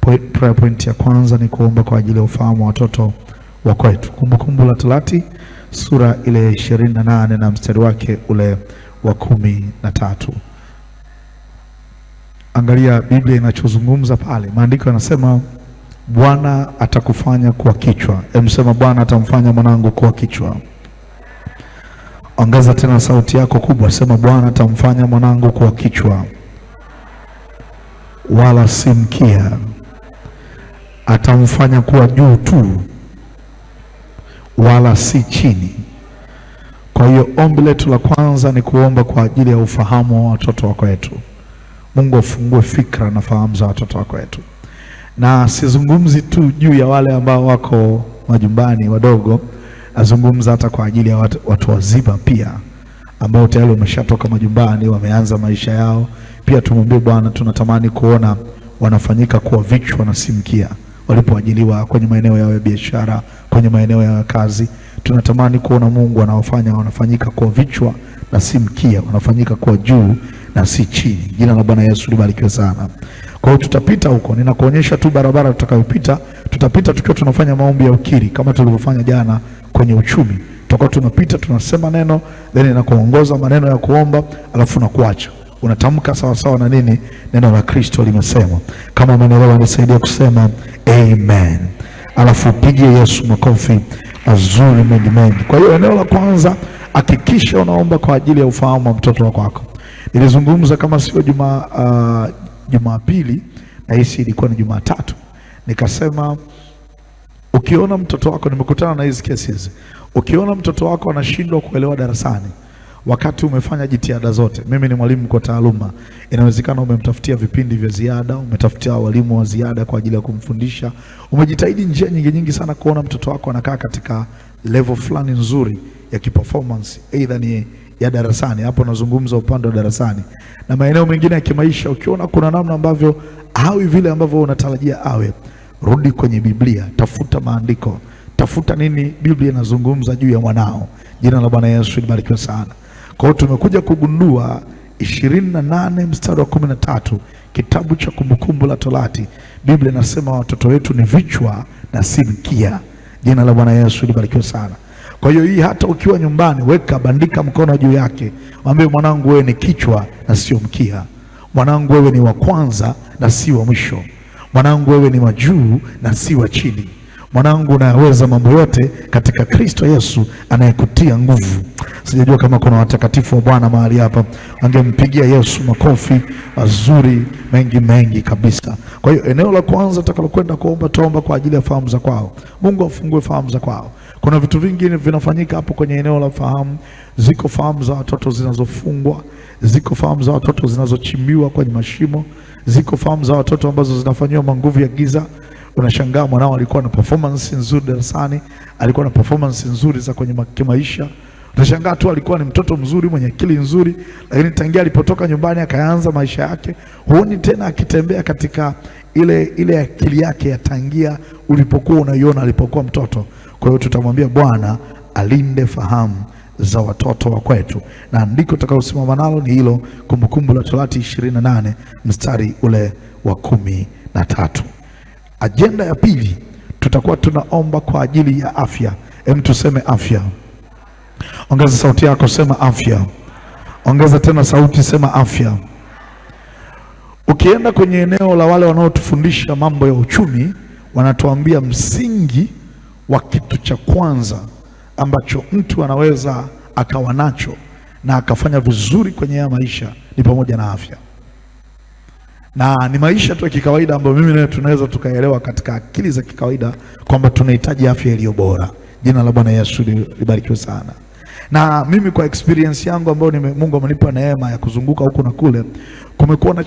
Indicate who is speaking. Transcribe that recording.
Speaker 1: Prayer point ya kwanza ni kuomba kwa ajili ya ufahamu wa watoto wa kwetu. Kumbukumbu la Torati sura ile ishirini na nane na mstari wake ule wa kumi na tatu. Angalia Biblia inachozungumza pale, maandiko yanasema Bwana atakufanya kuwa kichwa. Emsema, Bwana atamfanya mwanangu kuwa kichwa. Ongeza tena sauti yako kubwa, sema Bwana atamfanya mwanangu kuwa kichwa wala si mkia atamfanya kuwa juu tu, wala si chini. Kwa hiyo ombi letu la kwanza ni kuomba kwa ajili ya ufahamu wa watoto wako wetu. Mungu afungue fikra na fahamu za watoto wako wetu, na sizungumzi tu juu ya wale ambao wako majumbani wadogo, nazungumza hata kwa ajili ya watu, wazima pia ambao tayari wameshatoka majumbani wameanza maisha yao. Pia tumwambie Bwana, tunatamani kuona wanafanyika kuwa vichwa na si mkia walipoajiliwa kwenye maeneo yao ya biashara, kwenye maeneo yao ya kazi. Tunatamani kuona Mungu anawafanya wanafanyika kwa vichwa na si mkia, wanafanyika kuwa juu na si chini. Jina la Bwana Yesu libarikiwe sana. Kwa hiyo tutapita huko, ninakuonyesha tu barabara tutakayopita. Tutapita tukiwa tunafanya maombi ya ukiri kama tulivyofanya jana kwenye uchumi. Tutakuwa tunapita tunasema neno, then inakuongoza maneno ya kuomba, alafu nakuacha unatamka sawasawa na nini neno la Kristo limesema. Kama umenielewa, nisaidia kusema Amen. Alafu upigie Yesu makofi mazuri mengi mengi. Kwa hiyo eneo la kwanza, hakikisha unaomba kwa ajili ya ufahamu wa mtoto wako kwako Nilizungumza kama sio juma uh, Jumapili na hisi ilikuwa ni Jumatatu, nikasema ukiona mtoto wako, nimekutana na hizi cases, ukiona mtoto wako anashindwa kuelewa darasani wakati umefanya jitihada zote. Mimi ni mwalimu kwa taaluma, inawezekana umemtafutia vipindi vya ziada, umetafutia walimu wa ziada kwa ajili ya kumfundisha, umejitahidi njia nyingi nyingi sana kuona mtoto wako anakaa katika level fulani nzuri ya kiperformance, aidha ni ya darasani, hapo nazungumza upande wa darasani na maeneo mengine ya kimaisha. Ukiona kuna namna ambavyo hawi vile ambavyo unatarajia awe, rudi kwenye Biblia, tafuta maandiko, tafuta nini Biblia inazungumza juu ya mwanao. Jina la Bwana Yesu libarikiwe sana. Kwa hiyo tumekuja kugundua ishirini na nane mstari wa kumi na tatu kitabu cha Kumbukumbu la Torati, Biblia inasema watoto wetu ni vichwa na si mkia. Jina la Bwana Yesu libarikiwe sana. Kwa hiyo hii hata ukiwa nyumbani, weka bandika mkono juu yake, mwambie mwanangu, wewe ni kichwa na sio mkia. Mwanangu, wewe ni wa kwanza na si wa mwisho. Mwanangu, wewe ni wa juu na si wa chini. Mwanangu, unaweza mambo yote katika Kristo Yesu anayekutia nguvu. Sijajua kama kuna watakatifu wa Bwana mahali hapa, wangempigia Yesu makofi mazuri mengi mengi kabisa. Kwa hiyo eneo la kwanza tutakalokwenda kuomba, tuomba kwa ajili ya fahamu za kwao. Mungu afungue fahamu za kwao. Kuna vitu vingi vinafanyika hapo kwenye eneo la fahamu. Ziko fahamu za watoto zinazofungwa, ziko fahamu za watoto zinazochimbiwa kwenye mashimo, ziko fahamu za watoto ambazo zinafanyiwa manguvu ya giza Unashangaa mwanao alikuwa na performance nzuri darasani, alikuwa na performance nzuri za kwenye kimaisha. Utashangaa tu alikuwa ni mtoto mzuri mwenye akili nzuri, lakini tangia alipotoka nyumbani akaanza maisha yake, huoni tena akitembea katika ile ile akili yake ya tangia ulipokuwa unaiona alipokuwa mtoto. Kwa hiyo tutamwambia Bwana alinde fahamu za watoto wa kwetu, na ndiko tutakaosimama nalo ni hilo Kumbukumbu la Torati 28 mstari ule wa kumi na tatu. Ajenda ya pili tutakuwa tunaomba kwa ajili ya afya. Hem, tuseme afya. Ongeza sauti yako, sema afya. Ongeza tena sauti, sema afya. Ukienda kwenye eneo la wale wanaotufundisha mambo ya uchumi, wanatuambia msingi wa kitu cha kwanza ambacho mtu anaweza akawa nacho na akafanya vizuri kwenye ya maisha ni pamoja na afya na ni maisha tu ya kikawaida ambayo mimi nawe tunaweza tukaelewa katika akili za kikawaida kwamba tunahitaji afya iliyo bora. Jina la Bwana Yesu libarikiwe sana. Na mimi kwa experience yangu ambayo Mungu amenipa neema ya kuzunguka huku na kule, kumekuwa na